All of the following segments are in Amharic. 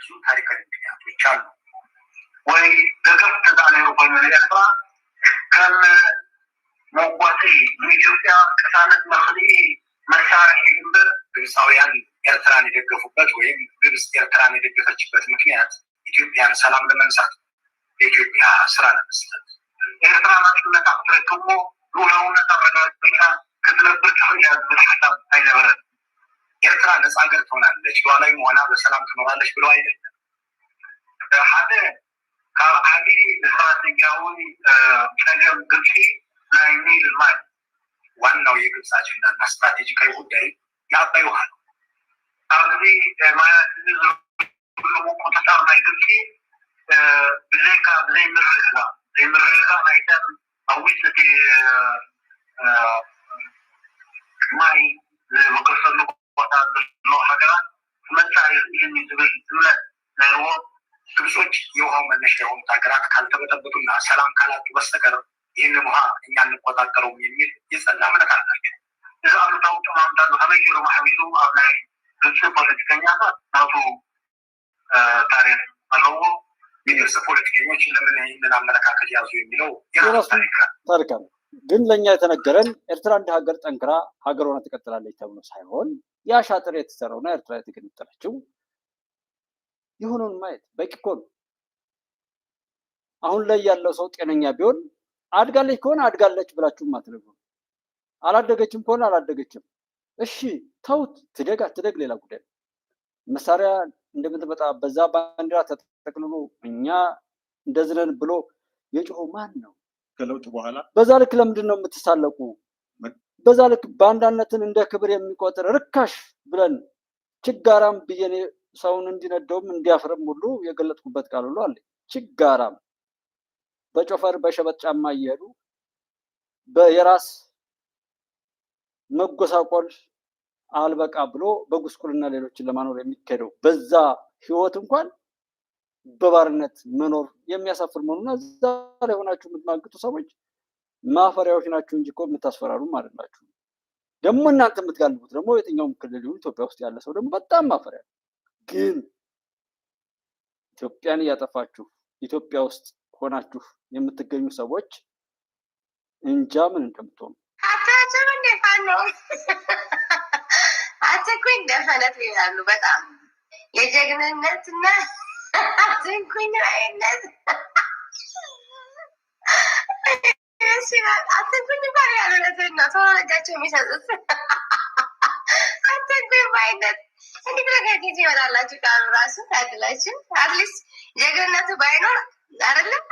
ብዙ ታሪካዊ ምክንያቶች አሉ። ወይ ኤርትራ ከም መጓቲ ንኢትዮጵያ ቅሳነት መክልኢ መሳርሒ እምበር ግብፃውያን ኤርትራን የደገፉበት ወይም ግብፅ ኤርትራን የደገፈችበት ምክንያት ኢትዮጵያን ሰላም ለመንሳት የኢትዮጵያ ስራ ለመስጠት ኤርትራ ኤርትራ ነፃ ሀገር ትሆናለች ሉዓላዊ መሆና በሰላም ትኖራለች ብለው አይደለም። ሓደ ካብ ዓቢ ስትራቴጂያዊ ፀገም ግብፂ ናይ ኒል ማይ ዋናው የግብፅ አጀንዳና ስትራቴጂካዊ ጉዳይ የአባይ ውሃ ኣብዚ ማያ ዝብልዎ ቁጥጣር ናይ ግብፂ ብዘይካ ብዘይምርግጋ ዘይምርግጋ ናይተን ኣዊት እቲ ግብር ግምት ግብጾች የውሃው መነሻ የሆኑት ሀገራት ካልተበጠበጡና ሰላም ካላጡ በስተቀር ይህን ውሃ እኛ እንቆጣጠረውም የሚል የጸና እምነት አላቸው። እዚ አሉታው ጠማምታሉ ተበይሩ ማሕቢሉ ኣብ ናይ ግብፂ ፖለቲከኛታት ናቱ ታሪክ ኣለዎ። ሚኒስ ፖለቲከኞች ለምን ይህንን አመለካከት ያዙ የሚለው የራሱ ታሪክ ግን ለእኛ የተነገረን ኤርትራ እንደ ሀገር ጠንክራ ሀገር ሆና ትቀጥላለች ተብሎ ሳይሆን የአሻጥር የተሰራውና ኤርትራ የተገነጠለችው የሆነውን ማየት በቂ እኮ ነው። አሁን ላይ ያለው ሰው ጤነኛ ቢሆን አድጋለች ከሆነ አድጋለች ብላችሁም አትነግሩ። አላደገችም ከሆነ አላደገችም፣ እሺ ተውት፣ ትደግ አትደግ ሌላ ጉዳይ መሳሪያ እንደምትመጣ በዛ ባንዲራ ተጠቅልሎ እኛ እንደዝነን ብሎ የጮሆ ማን ነው? ከለውጥ በኋላ በዛ ልክ ለምንድን ነው የምትሳለቁ? በዛ ልክ ባንዳነትን እንደ ክብር የሚቆጥር ርካሽ ብለን ችጋራም ብዬ ሰውን እንዲነደውም እንዲያፍርም ሁሉ የገለጥኩበት ቃል ሁሉ አለ። ችጋራም በጮፈር በሸበጥ ጫማ እየሄዱ የራስ መጎሳቆል አልበቃ ብሎ በጉስቁልና ሌሎችን ለማኖር የሚካሄደው በዛ ህይወት እንኳን በባርነት መኖር የሚያሳፍር መሆኑና እዛ ላይ ሆናችሁ የምትማግጡ ሰዎች ማፈሪያዎች ናችሁ እንጂ እኮ የምታስፈራሩም አይደላችሁ። ደግሞ እናንተ የምትጋልቡት ደግሞ የትኛውም ክልል ኢትዮጵያ ውስጥ ያለ ሰው ደግሞ በጣም ማፈሪያ ነው። ግን ኢትዮጵያን እያጠፋችሁ ኢትዮጵያ ውስጥ ሆናችሁ የምትገኙ ሰዎች እንጃ ምን እንደምትሆኑ አትኩኝ ደፈነት ይላሉ። በጣም የጀግንነት እና አትንኩኝ አይነት አትንኩኝ ባል ያሉነት ነው ነጃቸው የሚሰጡት አትንኩኝ ባይነት እንዴት ብለህ ይሆናላችሁ ቃሉ ራሱ ታድላችሁ። አትሊስት ጀግንነቱ ባይኖር አይደለም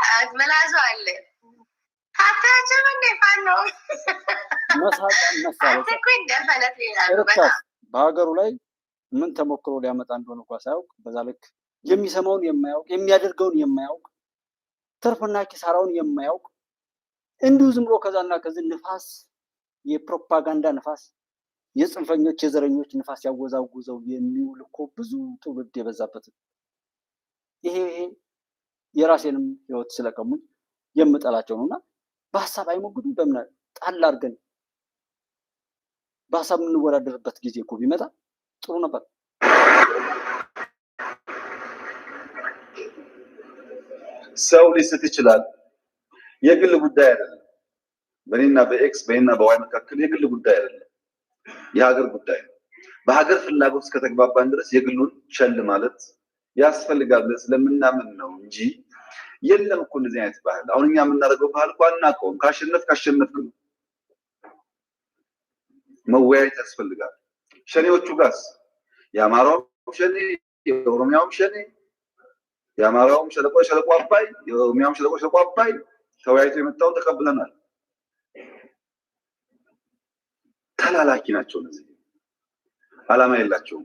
መላዙ አለ ሀብታቸው ፋኖ በሀገሩ ላይ ምን ተሞክሮ ሊያመጣ እንደሆነ እንኳ ሳያውቅ በዛ ልክ የሚሰማውን የማያውቅ የሚያደርገውን የማያውቅ ትርፍና ኪሳራውን የማያውቅ እንዲሁ ዝም ብሎ ከዛና ከዚህ ንፋስ የፕሮፓጋንዳ ንፋስ የጽንፈኞች የዘረኞች ንፋስ ያወዛውዘው የሚውል እኮ ብዙ ትውልድ የበዛበት ይሄ የራሴንም ህይወት ስለቀሙኝ የምጠላቸው ነው እና በሀሳብ አይሞግዱም። በምን ጣል አድርገን በሀሳብ የምንወዳደርበት ጊዜ እኮ ቢመጣ ጥሩ ነበር። ሰው ሊስት ይችላል። የግል ጉዳይ አይደለም። በእኔና በኤክስ በእኔና በዋይ መካከል የግል ጉዳይ አይደለም። የሀገር ጉዳይ ነው። በሀገር ፍላጎት እስከተግባባን ድረስ የግሉን ቸል ማለት ያስፈልጋል ብለን ስለምናምን ነው እንጂ የለም እኮ እንደዚህ አይነት ባህል አሁን እኛ የምናደርገው ባህል እኮ አናውቀውም። ካሸነፍ ካሸነፍክ ነው። መወያየት ያስፈልጋል። ሸኔዎቹ ጋስ የአማራውም ሸኔ የኦሮሚያውም ሸኔ የአማራውም ሸለቆ ሸለቆ አባይ የኦሮሚያውም ሸለቆ ሸለቆ አባይ ተወያይቶ የመጣውን ተቀብለናል። ተላላኪ ናቸው። እነዚህ ዓላማ የላቸውም።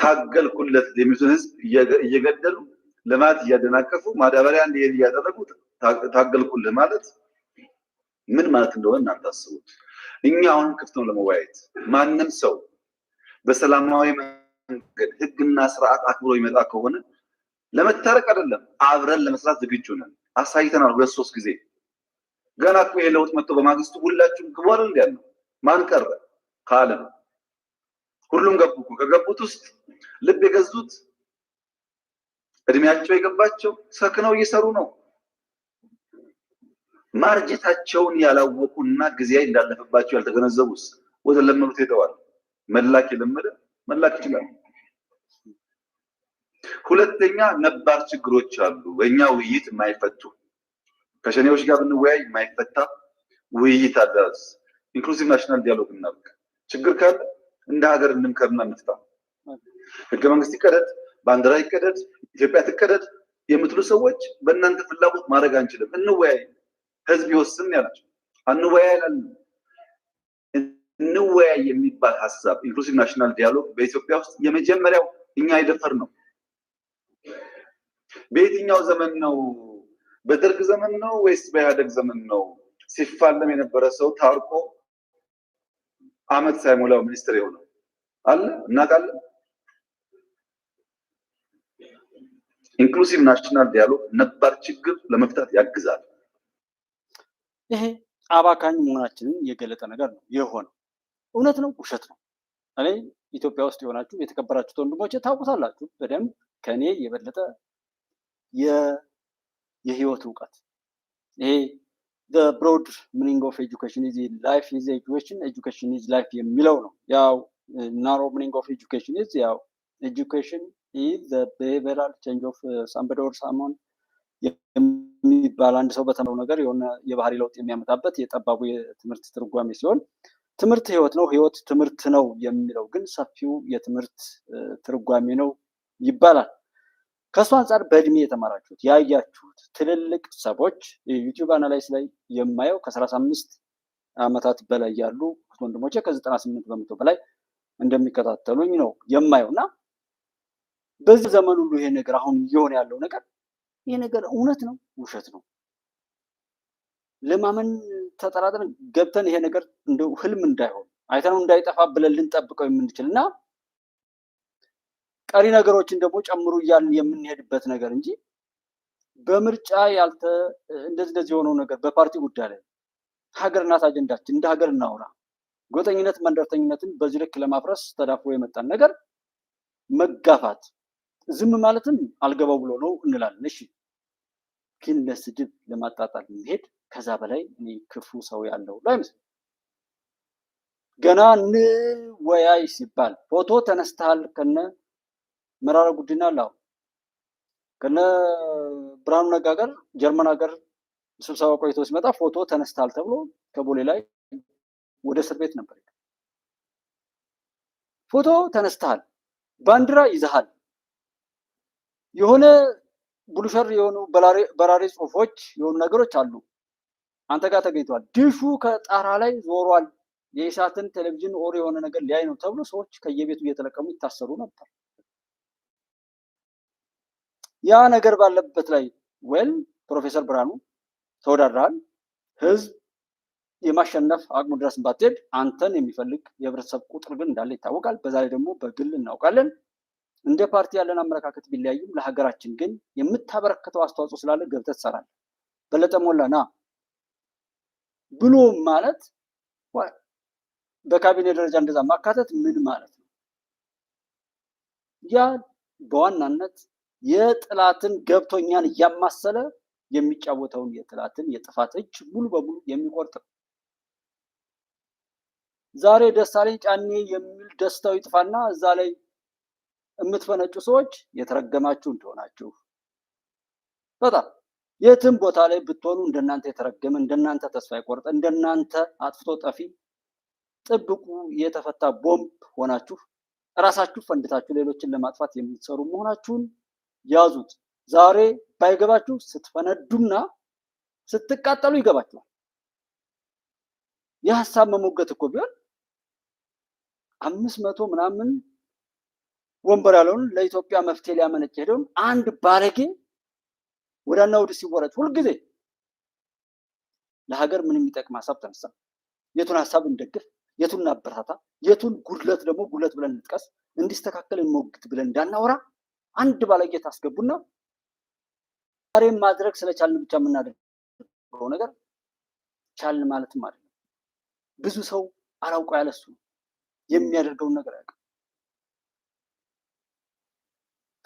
ታገልኩለት የሚሉትን ህዝብ እየገደሉ ልማት እያደናቀፉ ማዳበሪያ እንዲሄድ እያደረጉ ታገልኩልህ ማለት ምን ማለት እንደሆነ እናንተ አስቡት። እኛ አሁንም ክፍት ነው ለመወያየት። ማንም ሰው በሰላማዊ መንገድ ህግና ስርዓት አክብሮ ይመጣ ከሆነ ለመታረቅ አይደለም አብረን ለመስራት ዝግጁ ነን። አሳይተናል ሁለት ሶስት ጊዜ። ገና እኮ ይሄ ለውጥ መጥቶ በማግስቱ ሁላችሁም ግቡ አለ እንዲያል ነው ማን ቀረ ካለ ሁሉም ገቡ እኮ። ከገቡት ውስጥ ልብ የገዙት እድሜያቸው የገባቸው ሰክነው እየሰሩ ነው። ማርጀታቸውን ያላወቁና ጊዜያ እንዳለፈባቸው ያልተገነዘቡስ ወደ ለመዱት ሄደዋል። መላክ የለመደ መላክ ይችላል። ሁለተኛ ነባር ችግሮች አሉ፣ በእኛ ውይይት የማይፈቱ ከሸኔዎች ጋር ብንወያይ የማይፈታ ውይይት አለ። ኢንክሉሲቭ ናሽናል ዲያሎግ እናድርግ። ችግር ካለ እንደ ሀገር እንምከርና እንፍታ። ህገ መንግስት ይቀደድ፣ ባንዲራ ይቀደድ፣ ኢትዮጵያ ትቀደድ የምትሉ ሰዎች በእናንተ ፍላጎት ማድረግ አንችልም። እንወያይ፣ ህዝብ ይወስን ያላቸው አንወያይ ላል እንወያይ የሚባል ሀሳብ ኢንክሉሲቭ ናሽናል ዲያሎግ በኢትዮጵያ ውስጥ የመጀመሪያው እኛ የደፈር ነው። በየትኛው ዘመን ነው? በደርግ ዘመን ነው ወይስ በኢህአደግ ዘመን ነው? ሲፋለም የነበረ ሰው ታርቆ አመት ሳይሞላው ሚኒስትር የሆነው አለ እናውቃለን። ኢንክሉሲቭ ናሽናል ዲያሎግ ነባር ችግር ለመፍታት ያግዛል። ይሄ አባካኝ መሆናችንን የገለጠ ነገር ነው። የሆነ እውነት ነው፣ ውሸት ነው። እኔ ኢትዮጵያ ውስጥ የሆናችሁ የተከበራችሁት ወንድሞቼ ታውቁታላችሁ በደንብ ከእኔ የበለጠ የህይወት እውቀት ይሄ ብሮድ ሚኒንግ ኦፍ ኤጁኬሽን ኢዝ ላይፍ ኢዝ ኤጁኬሽን ኤጁኬሽን ኢዝ ላይፍ የሚለው ነው። ያው ናሮ ሚኒንግ ኦፍ ኤጁኬሽን ኢዝ ያው ኤጁኬሽን ኢዝ ቢሄቪራል ቼንጅ ኦፍ ሳምበድ ሳሞን የሚባል አንድ ሰው በተማረው ነገር የሆነ የባህሪ ለውጥ የሚያመጣበት የጠባቡ የትምህርት ትርጓሜ ሲሆን ትምህርት ህይወት ነው፣ ህይወት ትምህርት ነው የሚለው ግን ሰፊው የትምህርት uh, ትርጓሜ ነው ይባላል። ከእሱ አንጻር በእድሜ የተማራችሁት ያያችሁት ትልልቅ ሰዎች ዩቲዩብ አናላይስ ላይ የማየው ከሰላሳ አምስት ዓመታት በላይ ያሉ ወንድሞቼ ከዘጠና ስምንት በመቶ በላይ እንደሚከታተሉኝ ነው የማየው እና በዚህ ዘመን ሁሉ ይሄ ነገር አሁን እየሆነ ያለው ነገር ይሄ ነገር እውነት ነው ውሸት ነው ለማመን ተጠራጥረን ገብተን ይሄ ነገር እንደው ህልም እንዳይሆን አይተነው እንዳይጠፋ ብለን ልንጠብቀው የምንችል እና ቀሪ ነገሮችን ደግሞ ጨምሩ እያልን የምንሄድበት ነገር እንጂ በምርጫ ያልተ እንደዚህ እንደዚህ የሆነው ነገር በፓርቲ ጉዳይ ላይ ሀገር እናት አጀንዳችን፣ እንደ ሀገር እናውራ። ጎጠኝነት መንደርተኝነትን በዚህ ልክ ለማፍረስ ተዳፎ የመጣን ነገር መጋፋት ዝም ማለትም አልገባው ብሎ ነው እንላለን። እሺ ግን ለስድብ ለማጣጣል መሄድ ከዛ በላይ እኔ ክፉ ሰው ያለው አይመስለኝም። ገና እንወያይ ሲባል ፎቶ ተነስተሃል ከነ መራራ ጉዲና አለ አሁን ከነ ብርሃኑ ነጋ ጋር ጀርመን ሀገር ስብሰባ ቆይቶ ሲመጣ ፎቶ ተነስታል ተብሎ ከቦሌ ላይ ወደ እስር ቤት ነበር። ፎቶ ተነስተሃል፣ ባንዲራ ይዘሃል፣ የሆነ ቡሉሸር የሆኑ በራሪ ጽሁፎች የሆኑ ነገሮች አሉ፣ አንተ ጋር ተገኝተዋል፣ ድሹ ከጣራ ላይ ዞሯል፣ የኢሳትን ቴሌቪዥን ኦር የሆነ ነገር ሊያይ ነው ተብሎ ሰዎች ከየቤቱ እየተለቀሙ ይታሰሩ ነበር። ያ ነገር ባለበት ላይ ወል ፕሮፌሰር ብርሃኑ ተወዳድረሃል፣ ህዝብ የማሸነፍ አቅሙ ድረስ ባትሄድ አንተን የሚፈልግ የህብረተሰብ ቁጥር ግን እንዳለ ይታወቃል። በዛ ላይ ደግሞ በግል እናውቃለን። እንደ ፓርቲ ያለን አመለካከት ቢለያይም ለሀገራችን ግን የምታበረከተው አስተዋጽኦ ስላለ ገብተህ ትሰራለህ። በለጠ ሞላ ና ብሎ ማለት በካቢኔ ደረጃ እንደዛ ማካተት ምን ማለት ነው? ያ በዋናነት የጥላትን ገብቶኛን እያማሰለ የሚጫወተውን የጥላትን የጥፋት እጅ ሙሉ በሙሉ የሚቆርጥ ነው። ዛሬ ደሳለኝ ጫኔ የሚል ደስታው ይጥፋና እዛ ላይ የምትፈነጩ ሰዎች የተረገማችሁ እንደሆናችሁ በጣም የትም ቦታ ላይ ብትሆኑ እንደናንተ የተረገመ እንደናንተ ተስፋ ይቆርጠ እንደናንተ አጥፍቶ ጠፊ ጥብቁ የተፈታ ቦምብ ሆናችሁ እራሳችሁ ፈንድታችሁ ሌሎችን ለማጥፋት የምትሰሩ መሆናችሁን ያዙት። ዛሬ ባይገባችሁ ስትፈነዱና ስትቃጠሉ ይገባችኋል። የሀሳብ መሞገት እኮ ቢሆን አምስት መቶ ምናምን ወንበር ያለውን ለኢትዮጵያ መፍትሄ ሊያመነጭ ሄደውን አንድ ባለጌ ወዳና ወደ ሲወረድ ሁልጊዜ ለሀገር ምን የሚጠቅም ሀሳብ ተነሳ? የቱን ሀሳብ እንደግፍ፣ የቱን አበረታታ፣ የቱን ጉድለት ደግሞ ጉድለት ብለን እንጥቀስ፣ እንዲስተካከል እንሞግት ብለን እንዳናወራ አንድ ባለጌ ታስገቡና ዛሬም ማድረግ ስለቻልን ብቻ የምናደርገው ነገር ቻልን ማለትም አይደለም። ብዙ ሰው አላውቀ ያለሱ የሚያደርገውን ነገር ያውቅ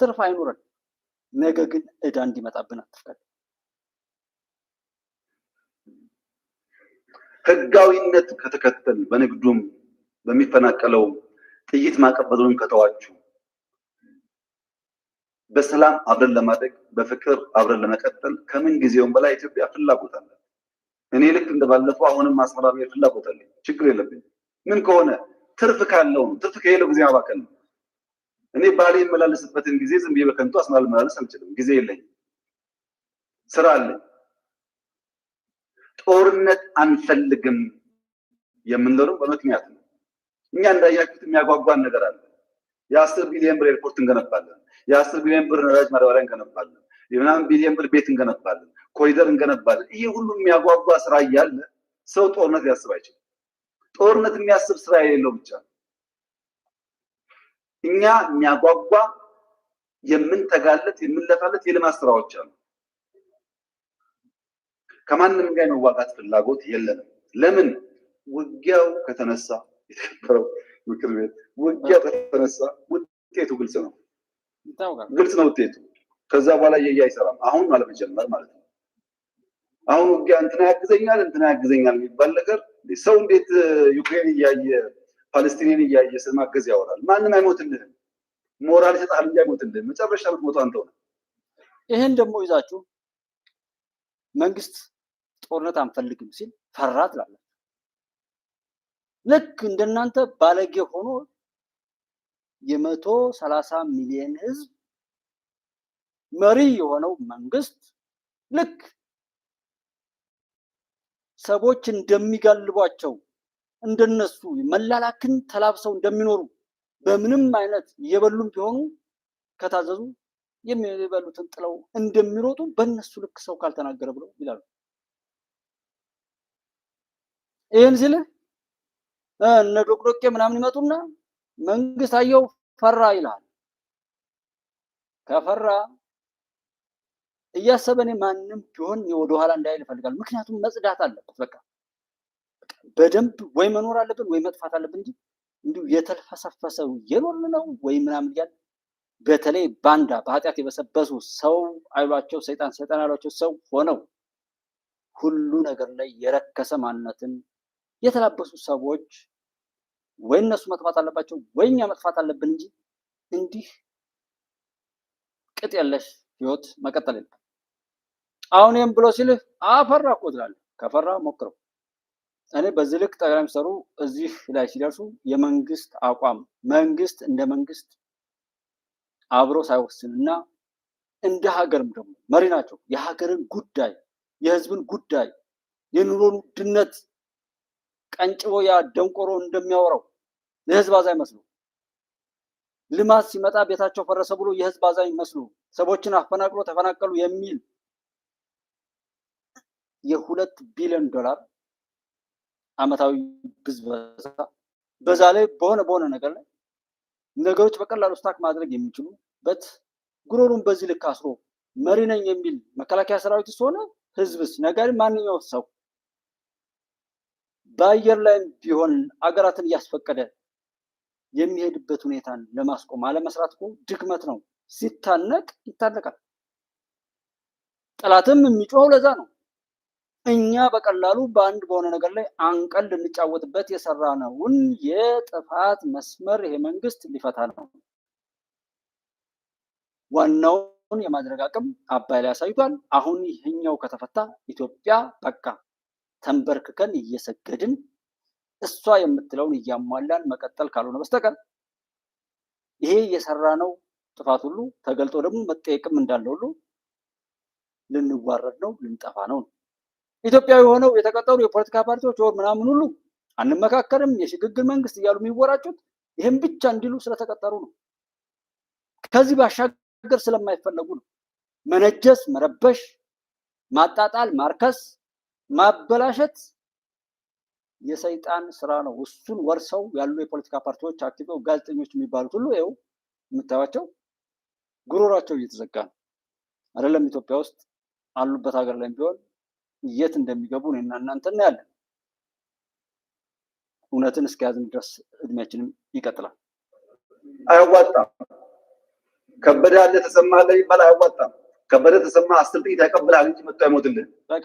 ትርፍ አይኖረን። ነገ ግን እዳ እንዲመጣብን አትፍቀድ። ህጋዊነት ከተከተል በንግዱም በሚፈናቀለው ጥይት ማቀበሉን ከተዋችሁ በሰላም አብረን ለማደግ በፍቅር አብረን ለመቀጠል ከምን ጊዜውም በላይ ኢትዮጵያ ፍላጎት አለ። እኔ ልክ እንደባለፈው አሁንም አስመራ ፍላጎት አለኝ። ችግር የለብኝ። ምን ከሆነ ትርፍ ካለው ነው። ትርፍ ከሌለው ጊዜ ማባከል ነው። እኔ ባሌ የመላለስበትን ጊዜ ዝም ብዬ በከንቱ አስመራ ልመላለስ አልችልም። ጊዜ የለኝ፣ ስራ አለኝ። ጦርነት አንፈልግም የምንለው በምክንያት ነው። እኛ እንዳያችሁት የሚያጓጓን ነገር አለ። የአስር ቢሊዮን ብር ኤርፖርት እንገነባለን። የአስር ቢሊዮን ብር ነዳጅ ማዳበሪያ እንገነባለን፣ የምናምን ቢሊዮን ብር ቤት እንገነባለን፣ ኮሪደር እንገነባለን። ይሄ ሁሉ የሚያጓጓ ስራ እያለ ሰው ጦርነት ሊያስብ አይችልም። ጦርነት የሚያስብ ስራ የሌለው ብቻ ነው። እኛ የሚያጓጓ የምንተጋለት የምንለፋለት የልማት ስራዎች አሉ። ከማንም ጋር የመዋጋት ፍላጎት የለንም። ለምን? ውጊያው ከተነሳ የተከበረው ምክር ቤት ውጊያው ከተነሳ ውጤቱ ግልጽ ነው። ግልጽ ነው ውጤቱ። ከዛ በኋላ እየያ አይሰራም። አሁን አለመጀመር ማለት ነው። አሁን ውጊያ እንትና ያግዘኛል እንትና ያግዘኛል የሚባል ነገር ሰው እንዴት ዩክሬን እያየ ፓለስቲኒን እያየ ስለማገዝ ያወራል? ማንም አይሞትልህም። ሞራል ይሰጣል እንጂ አይሞትልህም። መጨረሻ ምትሞቱ አንተው ነህ። ይህን ደግሞ ይዛችሁ መንግስት ጦርነት አንፈልግም ሲል ፈራ ትላላችሁ። ልክ እንደናንተ ባለጌ ሆኖ የመቶ ሰላሳ ሚሊዮን ህዝብ መሪ የሆነው መንግስት ልክ ሰዎች እንደሚጋልቧቸው እንደነሱ መላላክን ተላብሰው እንደሚኖሩ በምንም አይነት እየበሉም ቢሆኑ ከታዘዙ የሚበሉትን ጥለው እንደሚሮጡ በእነሱ ልክ ሰው ካልተናገረ ብለው ይላሉ። ይህን ሲልህ እነ ዶቅዶቄ ምናምን ይመጡና መንግስት አየው ፈራ ይላል። ከፈራ እያሰበ ማንም ቢሆን ወደኋላ እንዳይል ይፈልጋል። ምክንያቱም መጽዳት አለበት። በቃ በደንብ ወይ መኖር አለብን ወይ መጥፋት አለብን እንጂ እንዲሁ የተልፈሰፈሰ የኖርን ነው ወይ ምናምን እያለ በተለይ ባንዳ በኃጢአት የበሰበሱ ሰው አይሏቸው ሰይጣን ሰይጣን አይሏቸው ሰው ሆነው ሁሉ ነገር ላይ የረከሰ ማንነትን የተላበሱ ሰዎች ወይ እነሱ መጥፋት አለባቸው ወይ እኛ መጥፋት አለብን እንጂ እንዲህ ቅጥ የለሽ ህይወት መቀጠል የለም። አሁን ይህም ብሎ ሲልህ አፈራ እኮ ትላለህ። ከፈራ ሞክረው። እኔ በዚህ ልክ ጠቅላይ ሚኒስትሩ እዚህ ላይ ሲደርሱ የመንግስት አቋም መንግስት እንደ መንግስት አብሮ ሳይወስን እና እንደ ሀገርም ደግሞ መሪ ናቸው። የሀገርን ጉዳይ የህዝብን ጉዳይ የኑሮን ውድነት ቀንጭቦ ያ ደንቆሮ እንደሚያወራው የህዝብ አዛኝ መስሉ ልማት ሲመጣ ቤታቸው ፈረሰ ብሎ የህዝብ አዛኝ መስሉ ሰዎችን አፈናቅሎ ተፈናቀሉ የሚል የሁለት ቢሊዮን ዶላር አመታዊ ብዝበዛ በዛ ላይ በሆነ በሆነ ነገር ላይ ነገሮች በቀላሉ ስታክ ማድረግ የሚችሉበት ጉሮሩን በዚህ ልክ አስሮ መሪ ነኝ የሚል መከላከያ ሰራዊት ሆነ ህዝብስ ነገር ማንኛው ሰው በአየር ላይም ቢሆን አገራትን እያስፈቀደ የሚሄድበት ሁኔታን ለማስቆም አለመስራት እኮ ድክመት ነው። ሲታነቅ ይታነቃል። ጠላትም የሚጮኸው ለዛ ነው። እኛ በቀላሉ በአንድ በሆነ ነገር ላይ አንቀል ልንጫወትበት የሰራነውን የጥፋት መስመር ይሄ መንግስት ሊፈታ ነው። ዋናውን የማድረግ አቅም አባይ ላይ አሳይቷል። አሁን ይህኛው ከተፈታ ኢትዮጵያ በቃ ተንበርክከን እየሰገድን እሷ የምትለውን እያሟላን መቀጠል ካልሆነ በስተቀር ይሄ እየሰራ ነው ጥፋት ሁሉ ተገልጦ ደግሞ መጠየቅም እንዳለ ሁሉ ልንዋረድ ነው፣ ልንጠፋ ነው። ኢትዮጵያዊ የሆነው የተቀጠሩ የፖለቲካ ፓርቲዎች ወር ምናምን ሁሉ አንመካከርም፣ የሽግግር መንግስት እያሉ የሚወራጩት ይህም ብቻ እንዲሉ ስለተቀጠሩ ነው። ከዚህ ባሻገር ስለማይፈለጉ ነው። መነጀስ፣ መረበሽ፣ ማጣጣል፣ ማርከስ ማበላሸት የሰይጣን ስራ ነው። እሱን ወርሰው ያሉ የፖለቲካ ፓርቲዎች አክቲቭው ጋዜጠኞች የሚባሉት ሁሉ ይኸው የምታዩቸው ጉሮሯቸው እየተዘጋ ነው። አይደለም ኢትዮጵያ ውስጥ አሉበት ሀገር ላይ ቢሆን የት እንደሚገቡ እኔና እናንተ እናያለን። እውነትን እስከያዝን ድረስ እድሜያችንም ይቀጥላል። አያዋጣም። ከበደ ያለ ተሰማ ለሚባል አያዋጣም። ከበደ ተሰማ አስር ጥይት እንጂ መጥቶ አይሞትልህ። በቃ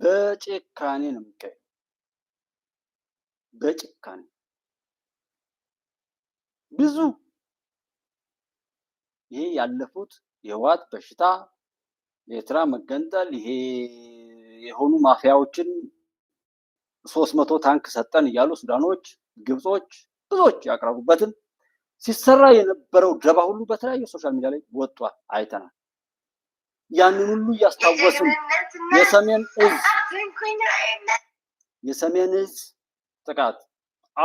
በጭካኔ ነው የሚካሄደው። በጭካኔ ብዙ ይሄ ያለፉት የህወሓት በሽታ የኤርትራ መገንጠል ይሄ የሆኑ ማፊያዎችን ሶስት መቶ ታንክ ሰጠን እያሉ ሱዳኖች፣ ግብጾች ብዙዎች ያቀረቡበትን ሲሰራ የነበረው ደባ ሁሉ በተለያየ ሶሻል ሚዲያ ላይ ወጥቷል፣ አይተናል። ያንን ሁሉ እያስታወስን የሰሜን እዝ የሰሜን እዝ ጥቃት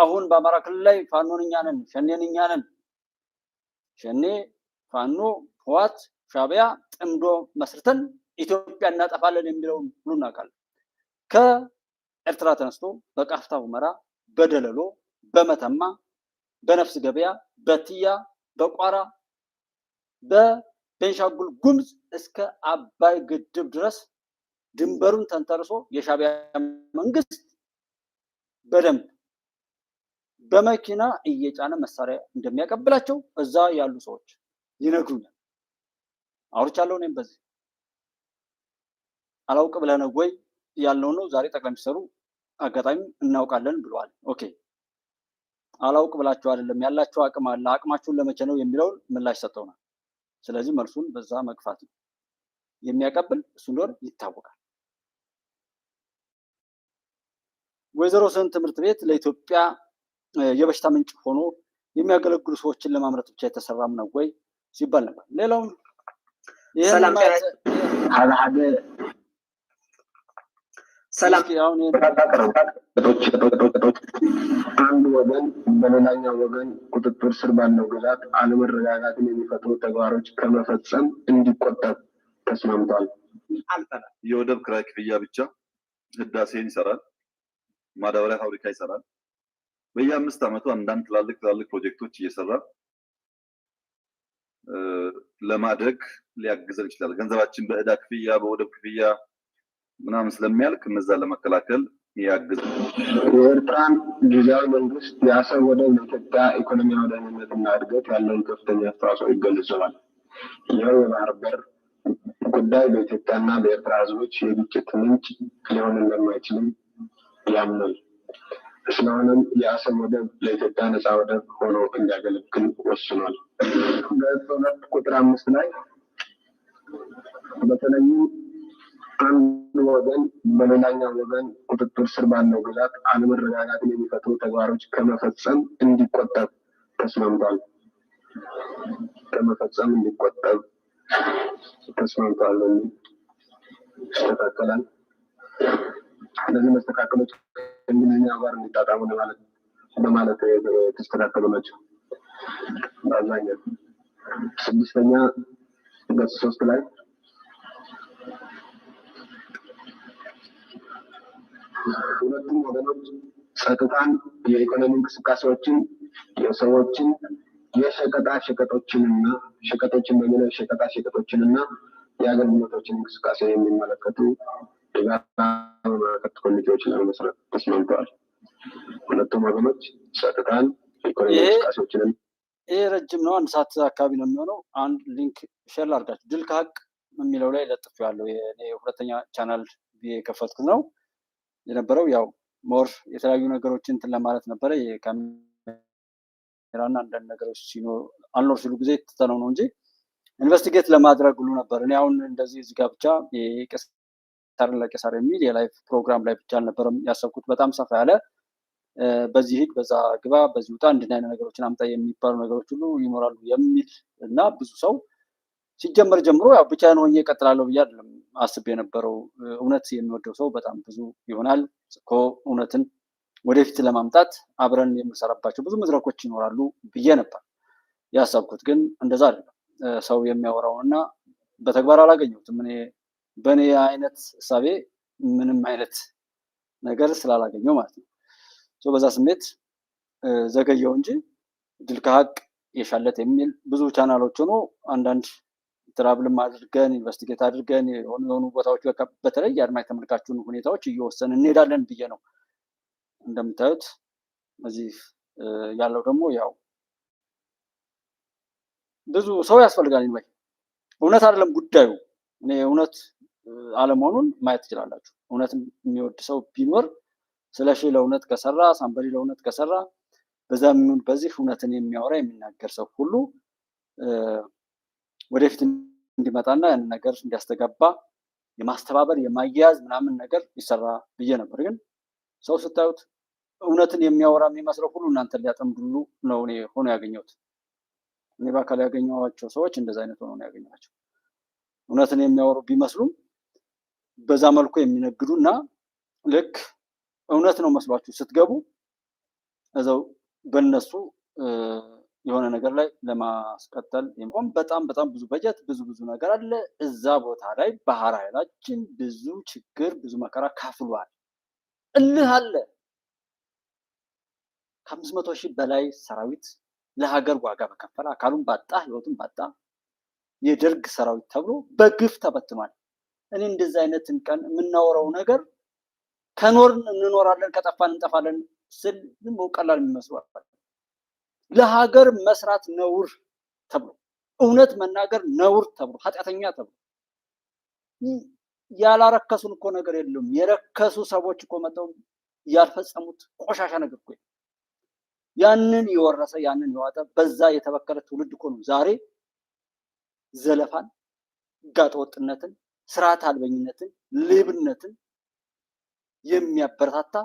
አሁን በአማራ ክልል ላይ ፋኖን እኛ ነን፣ ሸኔን እኛ ነን፣ ሸኔ ፋኖ፣ ህዋት፣ ሻቢያ ጥምዶ መስርተን ኢትዮጵያ እናጠፋለን የሚለውን ሁሉ እናውቃለን። ከኤርትራ ተነስቶ በቃፍታ ሁመራ፣ በደለሎ፣ በመተማ፣ በነፍስ ገበያ፣ በትያ፣ በቋራ፣ ቤንሻንጉል ጉምዝ እስከ አባይ ግድብ ድረስ ድንበሩን ተንተርሶ የሻቢያ መንግስት በደንብ በመኪና እየጫነ መሳሪያ እንደሚያቀብላቸው እዛ ያሉ ሰዎች ይነግሩኛል። አውርቻለሁ። እኔም በዚህ አላውቅ ብለህ ነው ወይ ያለው ነው። ዛሬ ጠቅላይ ሚኒስትሩ አጋጣሚ እናውቃለን ብለዋል። ኦኬ አላውቅ ብላችሁ አይደለም ያላችሁ አቅም አለ፣ አቅማችሁን ለመቼ ነው የሚለውን ምላሽ ሰጠውናል። ስለዚህ መልሱን በዛ መግፋት ነው። የሚያቀብል እሱ እንደሆነ ይታወቃል። ወይዘሮ ስህን ትምህርት ቤት ለኢትዮጵያ የበሽታ ምንጭ ሆኖ የሚያገለግሉ ሰዎችን ለማምረት ብቻ የተሰራም ነው ወይ ሲባል ነበር። ሌላውም አንድ ወገን በሌላኛው ወገን ቁጥጥር ስር ባለው ግዛት አለመረጋጋትን የሚፈጥሩ ተግባሮች ከመፈጸም እንዲቆጠብ ተስማምቷል። የወደብ ክራይ ክፍያ ብቻ ህዳሴን ይሰራል፣ ማዳበሪያ ፋብሪካ ይሰራል። በየአምስት ዓመቱ አንዳንድ ትላልቅ ትላልቅ ፕሮጀክቶች እየሰራ ለማድረግ ሊያግዘን ይችላል። ገንዘባችን በእዳ ክፍያ፣ በወደብ ክፍያ ምናምን ስለሚያልቅ እነዛን ለመከላከል ያግዝ። የኤርትራን ጊዜያዊ መንግስት የአሰብ ወደብ ለኢትዮጵያ ኢኮኖሚያዊ ደህንነትና እድገት ያለውን ከፍተኛ አስተዋጽኦ ይገልጸዋል። ይኸው የባህር በር ጉዳይ በኢትዮጵያና በኤርትራ ህዝቦች የግጭት ምንጭ ሊሆን እንደማይችልም ያምናል። ስለሆነም የአሰብ ወደብ ለኢትዮጵያ ነፃ ወደብ ሆኖ እንዲያገለግል ወስኗል። በሁለት ቁጥር አምስት ላይ በተለይም አንድ ወገን በሌላኛው ወገን ቁጥጥር ስር ባለው ግዛት አለመረጋጋትን የሚፈጥሩ ተግባሮች ከመፈጸም እንዲቆጠብ ተስማምቷል ከመፈጸም እንዲቆጠብ ተስማምቷል ይስተካከላል። እነዚህ መስተካከሎች እንግሊዝኛ ጋር እንዲጣጣሙ ለማለት በማለት የተስተካከሉ ናቸው። በአብዛኛው ስድስተኛ ገጽ ሶስት ላይ ሁለቱም ወገኖች ጸጥታን፣ የኢኮኖሚ እንቅስቃሴዎችን፣ የሰዎችን፣ የሸቀጣ ሸቀጦችንና ሸቀጦችን በሚለው ሸቀጣ ሸቀጦችንና የአገልግሎቶችን እንቅስቃሴ የሚመለከቱ ድጋፍ ኮሚቴዎች ለመመስረት ተስማምተዋል። ሁለቱም ወገኖች ጸጥታን፣ የኢኮኖሚ እንቅስቃሴዎችንና ይሄ ረጅም ነው። አንድ ሰዓት አካባቢ ነው የሚሆነው። አንድ ሊንክ ሼር አድርጋችሁ ድል ከሀቅ የሚለው ላይ ለጥፍ ያለው ሁለተኛ ቻናል የከፈትኩት ነው። የነበረው ያው ሞር የተለያዩ ነገሮችን እንትን ለማለት ነበረ። የካሜራና አንዳንድ ነገሮች ሲኖር አልኖር ሲሉ ጊዜ ትተነው ነው እንጂ ኢንቨስቲጌት ለማድረግ ሁሉ ነበር። እኔ አሁን እንደዚህ እዚህ ጋ ብቻ ቄሳር ለቄሳር የሚል የላይፍ ፕሮግራም ላይ ብቻ አልነበረም ያሰብኩት። በጣም ሰፋ ያለ በዚህ ሂድ፣ በዛ ግባ፣ በዚህ ውጣ፣ እንድን አይነት ነገሮችን አምጣ የሚባሉ ነገሮች ሁሉ ይኖራሉ የሚል እና ብዙ ሰው ሲጀመር ጀምሮ ያው ብቻዬን ሆኜ እቀጥላለሁ ብዬ አይደለም አስብ የነበረው። እውነት የሚወደው ሰው በጣም ብዙ ይሆናል እውነትን ወደፊት ለማምጣት አብረን የምንሰራባቸው ብዙ መድረኮች ይኖራሉ ብዬ ነበር ያሰብኩት። ግን እንደዛ አይደለም። ሰው የሚያወራውን እና በተግባር አላገኘሁትም። እኔ በእኔ አይነት እሳቤ ምንም አይነት ነገር ስላላገኘው ማለት ነው። በዛ ስሜት ዘገየው እንጂ ድል ከሀቅ የሻለት የሚል ብዙ ቻናሎች ሆኖ አንዳንድ ትራብልም አድርገን ኢንቨስቲጌት አድርገን የሆኑ የሆኑ ቦታዎች በተለይ የአድማጭ ተመልካቹን ሁኔታዎች እየወሰን እንሄዳለን ብዬ ነው። እንደምታዩት እዚህ ያለው ደግሞ ያው ብዙ ሰው ያስፈልጋል። ኢንቫይ እውነት አይደለም ጉዳዩ እኔ እውነት አለመሆኑን ማየት ትችላላችሁ። እውነት የሚወድ ሰው ቢኖር ስለ ለእውነት ከሰራ ሳምበሪ ለእውነት ከሰራ በዚህ እውነትን የሚያወራ የሚናገር ሰው ሁሉ ወደፊት እንዲመጣና ያንን ነገር እንዲያስተጋባ የማስተባበር የማያያዝ ምናምን ነገር ይሰራ ብዬ ነበር። ግን ሰው ስታዩት እውነትን የሚያወራ የሚመስለው ሁሉ እናንተ ሊያጠምዱሉ ነው እኔ ሆኖ ያገኘሁት። እኔ በአካል ያገኘኋቸው ሰዎች እንደዚ አይነት ሆኖ ነው ያገኘኋቸው። እውነትን የሚያወሩ ቢመስሉም በዛ መልኩ የሚነግዱ እና ልክ እውነት ነው መስሏችሁ ስትገቡ እዛው በነሱ የሆነ ነገር ላይ ለማስቀጠል የሚቆም በጣም በጣም ብዙ በጀት ብዙ ብዙ ነገር አለ። እዛ ቦታ ላይ ባህር ኃይላችን ብዙ ችግር ብዙ መከራ ካፍሏል። እልህ አለ። ከአምስት መቶ ሺህ በላይ ሰራዊት ለሀገር ዋጋ በከፈለ አካሉን ባጣ ህይወቱን ባጣ የደርግ ሰራዊት ተብሎ በግፍ ተበትኗል። እኔ እንደዚህ አይነትን ቀን የምናወራው ነገር ከኖርን እንኖራለን ከጠፋን እንጠፋለን ስል ዝም ቀላል የሚመስሉ ለሀገር መስራት ነውር ተብሎ እውነት መናገር ነውር ተብሎ ኃጢአተኛ ተብሎ ያላረከሱን እኮ ነገር የለም። የረከሱ ሰዎች እኮ መጠው ያልፈጸሙት ቆሻሻ ነገር እኮ ያንን የወረሰ ያንን የዋጠ በዛ የተበከለ ትውልድ እኮ ነው ዛሬ ዘለፋን፣ ጋጠወጥነትን፣ ስርዓት አልበኝነትን፣ ሌብነትን የሚያበረታታ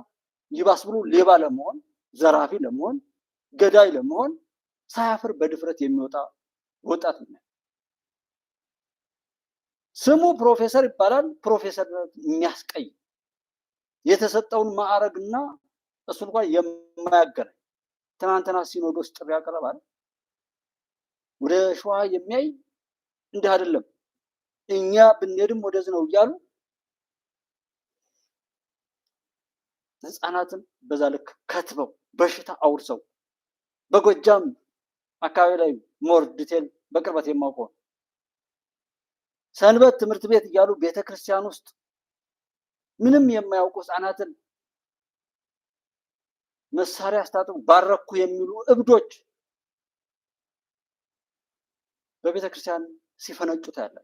ይባስ ብሎ ሌባ ለመሆን ዘራፊ ለመሆን ገዳይ ለመሆን ሳያፍር በድፍረት የሚወጣ ወጣት ነው። ስሙ ፕሮፌሰር ይባላል። ፕሮፌሰር የሚያስቀይ የተሰጠውን እና እሱ እንኳን የማያገናኝ ትናንትና ሲኖዶስ ጥሪ ያቀረባል። ወደ ሸዋ የሚያይ እንዲህ አይደለም፣ እኛ ብንሄድም ወደዚህ ነው እያሉ ህፃናትን በዛ ልክ ከትበው በሽታ አውርሰው በጎጃም አካባቢ ላይ ሞር ዲቴል በቅርበት የማውቀው ሰንበት ትምህርት ቤት እያሉ ቤተክርስቲያን ውስጥ ምንም የማያውቁ ህፃናትን መሳሪያ አስታጥቁ ባረኩ የሚሉ እብዶች በቤተክርስቲያን ሲፈነጩት ያለ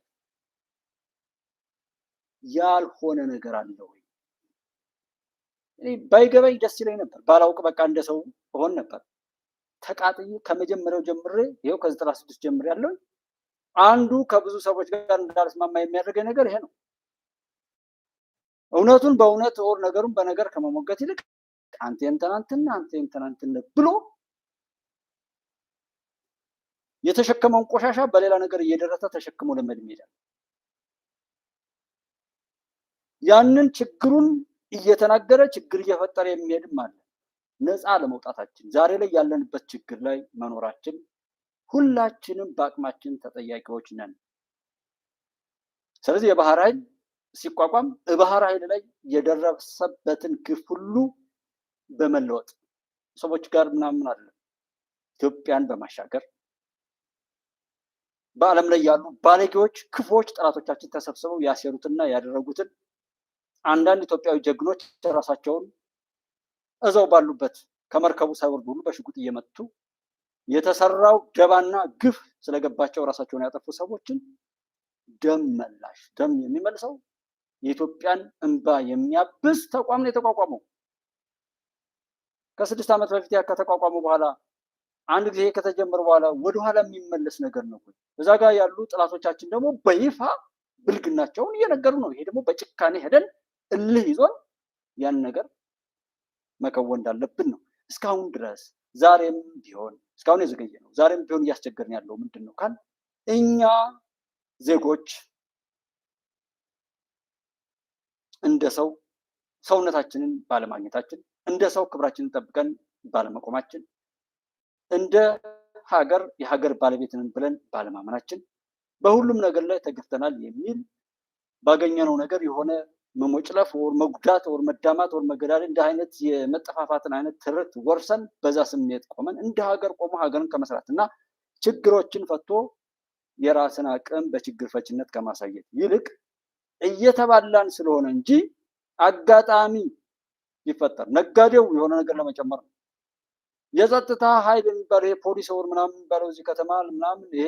ያልሆነ ነገር አለ ወይ? ባይገባኝ ደስ ይለኝ ነበር፣ ባላውቅ በቃ እንደሰው እሆን ነበር። ተቃጥዬ ከመጀመሪያው ጀምሬ ይኸው ከዘጠና ስድስት ጀምሬ ያለው አንዱ ከብዙ ሰዎች ጋር እንዳልስማማ የሚያደርገኝ ነገር ይሄ ነው። እውነቱን በእውነት ኦር ነገሩን በነገር ከመሞገት ይልቅ አንተ የእንትናንትና አንተ የእንትናንትና ብሎ የተሸከመውን ቆሻሻ በሌላ ነገር እየደረሰ ተሸክሞ ለመድ ይሄዳል። ያንን ችግሩን እየተናገረ ችግር እየፈጠረ የሚሄድም አለ። ነፃ ለመውጣታችን ዛሬ ላይ ያለንበት ችግር ላይ መኖራችን ሁላችንም በአቅማችን ተጠያቂዎች ነን። ስለዚህ የባህር ኃይል ሲቋቋም በባህር ኃይል ላይ የደረሰበትን ግፍ ሁሉ በመለወጥ ሰዎች ጋር ምናምን አለ ኢትዮጵያን በማሻገር በዓለም ላይ ያሉ ባለጌዎች፣ ክፎች፣ ጠላቶቻችን ተሰብስበው ያሴሩትና ያደረጉትን አንዳንድ ኢትዮጵያዊ ጀግኖች ራሳቸውን እዛው ባሉበት ከመርከቡ ሳይወርዱ ሁሉ በሽጉጥ እየመቱ የተሰራው ደባና ግፍ ስለገባቸው ራሳቸውን ያጠፉ ሰዎችን ደም መላሽ ደም የሚመልሰው የኢትዮጵያን እንባ የሚያብስ ተቋም ነው የተቋቋመው። ከስድስት ዓመት በፊት ያ ከተቋቋመው በኋላ አንድ ጊዜ ከተጀመረ በኋላ ወደኋላ የሚመለስ ነገር ነው። እዛ ጋር ያሉ ጥላቶቻችን ደግሞ በይፋ ብልግናቸውን እየነገሩ ነው። ይሄ ደግሞ በጭካኔ ሄደን እልህ ይዞን ያን ነገር መከወን እንዳለብን ነው። እስካሁን ድረስ ዛሬም ቢሆን እስካሁን የዘገየ ነው። ዛሬም ቢሆን እያስቸገርን ያለው ምንድን ነው ካል እኛ ዜጎች እንደ ሰው ሰውነታችንን ባለማግኘታችን፣ እንደ ሰው ክብራችንን ጠብቀን ባለመቆማችን፣ እንደ ሀገር የሀገር ባለቤትንን ብለን ባለማመናችን፣ በሁሉም ነገር ላይ ተገፍተናል የሚል ባገኘነው ነገር የሆነ መሞጭለፍ ወር መጉዳት ወር መዳማት ወር መገዳደል እንደ አይነት የመጠፋፋትን አይነት ትርት ወርሰን በዛ ስሜት ቆመን እንደ ሀገር ቆሞ ሀገርን ከመስራት እና ችግሮችን ፈቶ የራስን አቅም በችግር ፈችነት ከማሳየት ይልቅ እየተባላን ስለሆነ እንጂ አጋጣሚ ይፈጠር ነጋዴው የሆነ ነገር ለመጨመር ነው። የጸጥታ ኃይል የሚባለው ይሄ ፖሊስ ወር ምናምን የሚባለው እዚህ ከተማ ምናምን ይሄ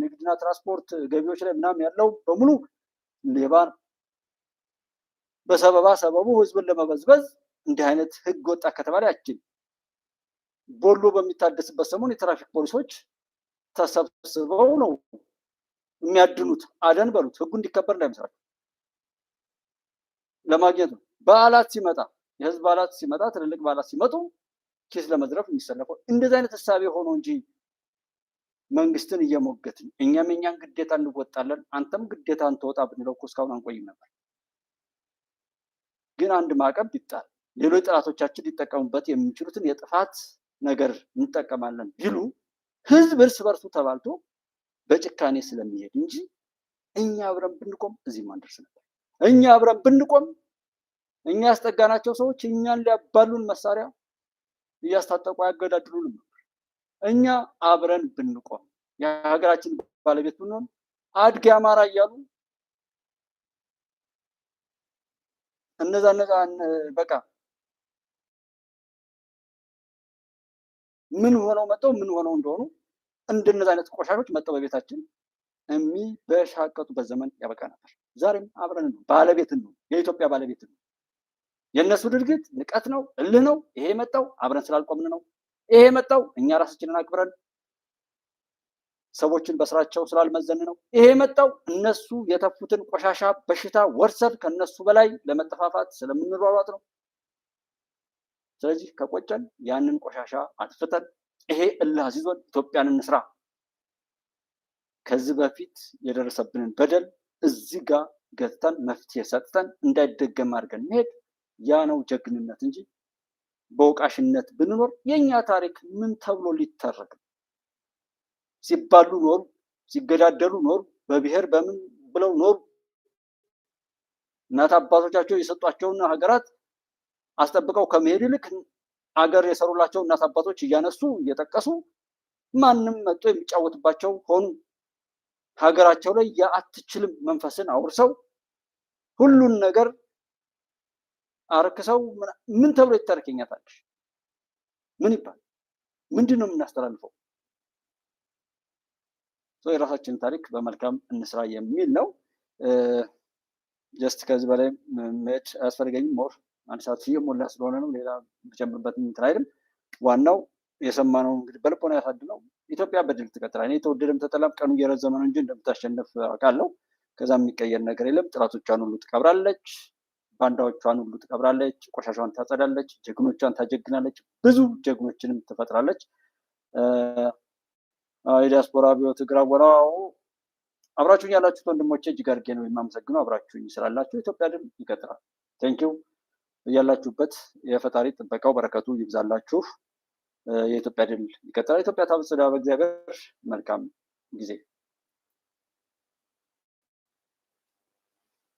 ንግድና ትራንስፖርት ገቢዎች ላይ ምናምን ያለው በሙሉ ሌባ ነው። በሰበባ ሰበቡ ህዝብን ለመበዝበዝ እንዲህ አይነት ህግ ወጣ ከተባለ ያችን ቦሎ በሚታደስበት ሰሞን የትራፊክ ፖሊሶች ተሰብስበው ነው የሚያድኑት። አደን በሉት ህጉ እንዲከበር እንዳይመስላቸው ለማግኘት ነው። በዓላት ሲመጣ የህዝብ በዓላት ሲመጣ ትልልቅ በዓላት ሲመጡ ኬስ ለመዝረፍ የሚሰለፈው እንደዚህ አይነት እሳቤ ሆኖ እንጂ መንግስትን እየሞገትን እኛም የኛን ግዴታ እንወጣለን አንተም ግዴታ እንትወጣ ብንለው እኮ እስካሁን አንቆይም ነበር። ይህን አንድ ማዕቀብ ቢጣል ሌሎች ጠላቶቻችን ሊጠቀሙበት የሚችሉትን የጥፋት ነገር እንጠቀማለን ቢሉ ህዝብ እርስ በርሱ ተባልቶ በጭካኔ ስለሚሄድ እንጂ እኛ አብረን ብንቆም እዚህ ማንደርስ ነበር። እኛ አብረን ብንቆም እኛ ያስጠጋናቸው ሰዎች እኛን ሊያባሉን መሳሪያ እያስታጠቁ አያገዳድሉንም ነበር። እኛ አብረን ብንቆም የሀገራችን ባለቤት ብንሆን አድጌ አማራ እያሉ እነዛ እነዛ በቃ ምን ሆነው መጥተው ምን ሆነው እንደሆኑ እንደነዚህ አይነት ቆሻሾች መጥተው በቤታችን የሚበሻቀጡበት ዘመን ያበቃ ነበር። ዛሬም አብረን ነው። ነው የኢትዮጵያ ባለቤት ነው። የእነሱ ድርጊት ንቀት ነው፣ እልህ ነው። ይሄ የመጣው አብረን ስላልቆምን ነው። ይሄ የመጣው እኛ ራሳችንን አክብረን ሰዎችን በስራቸው ስላልመዘን ነው። ይሄ የመጣው እነሱ የተፉትን ቆሻሻ በሽታ ወርሰን ከነሱ በላይ ለመጠፋፋት ስለምንሯሯጥ ነው። ስለዚህ ከቆጨን ያንን ቆሻሻ አጥፍተን ይሄ እልህ አስይዞን ኢትዮጵያን እንስራ። ከዚህ በፊት የደረሰብንን በደል እዚህ ጋር ገጥተን መፍትሄ ሰጥተን እንዳይደገም አድርገን መሄድ ያ ነው ጀግንነት እንጂ በወቃሽነት ብንኖር የእኛ ታሪክ ምን ተብሎ ሊተረክ ሲባሉ ኖሩ፣ ሲገዳደሉ ኖሩ፣ በብሔር በምን ብለው ኖሩ። እናት አባቶቻቸው የሰጧቸውን ሀገራት አስጠብቀው ከመሄድ ይልቅ አገር የሰሩላቸው እናት አባቶች እያነሱ እየጠቀሱ ማንም መጥቶ የሚጫወትባቸው ሆኑ። ሀገራቸው ላይ የአትችልም መንፈስን አውርሰው ሁሉን ነገር አርክሰው ምን ተብሎ ይታረከኛታለሽ? ምን ይባል? ምንድን ነው የምናስተላልፈው? የራሳችን ታሪክ በመልካም እንስራ የሚል ነው። ጀስት ከዚህ በላይ መሄድ አያስፈልገኝም። ሞር አንድ ሰዓት ሞላ ስለሆነ ነው። ሌላ ብጨምርበት እንትን አይልም። ዋናው የሰማነው እንግዲህ በልቦና ያሳድነው። ኢትዮጵያ በድል ትቀጥላል። እኔ ተወደደም ተጠላም ቀኑ እየረዘመ ነው እንጂ እንደምታሸነፍ አውቃለሁ። ከዛ የሚቀየር ነገር የለም። ጥራቶቿን ሁሉ ትቀብራለች፣ ባንዳዎቿን ሁሉ ትቀብራለች፣ ቆሻሻዋን ታጸዳለች፣ ጀግኖቿን ታጀግናለች፣ ብዙ ጀግኖችንም ትፈጥራለች። የዲያስፖራ አብዮት እግራ ጎራው አብራችሁኝ ያላችሁት ወንድሞቼ እጅግ አድርጌ ነው የማመሰግነው። አብራችሁኝ ስላላችሁ ኢትዮጵያ ድል ይቀጥላል። ቴንኪው። እያላችሁበት የፈጣሪ ጥበቃው በረከቱ ይብዛላችሁ። የኢትዮጵያ ድል ይቀጥላል። ኢትዮጵያ ታብጽ። በእግዚአብሔር መልካም ጊዜ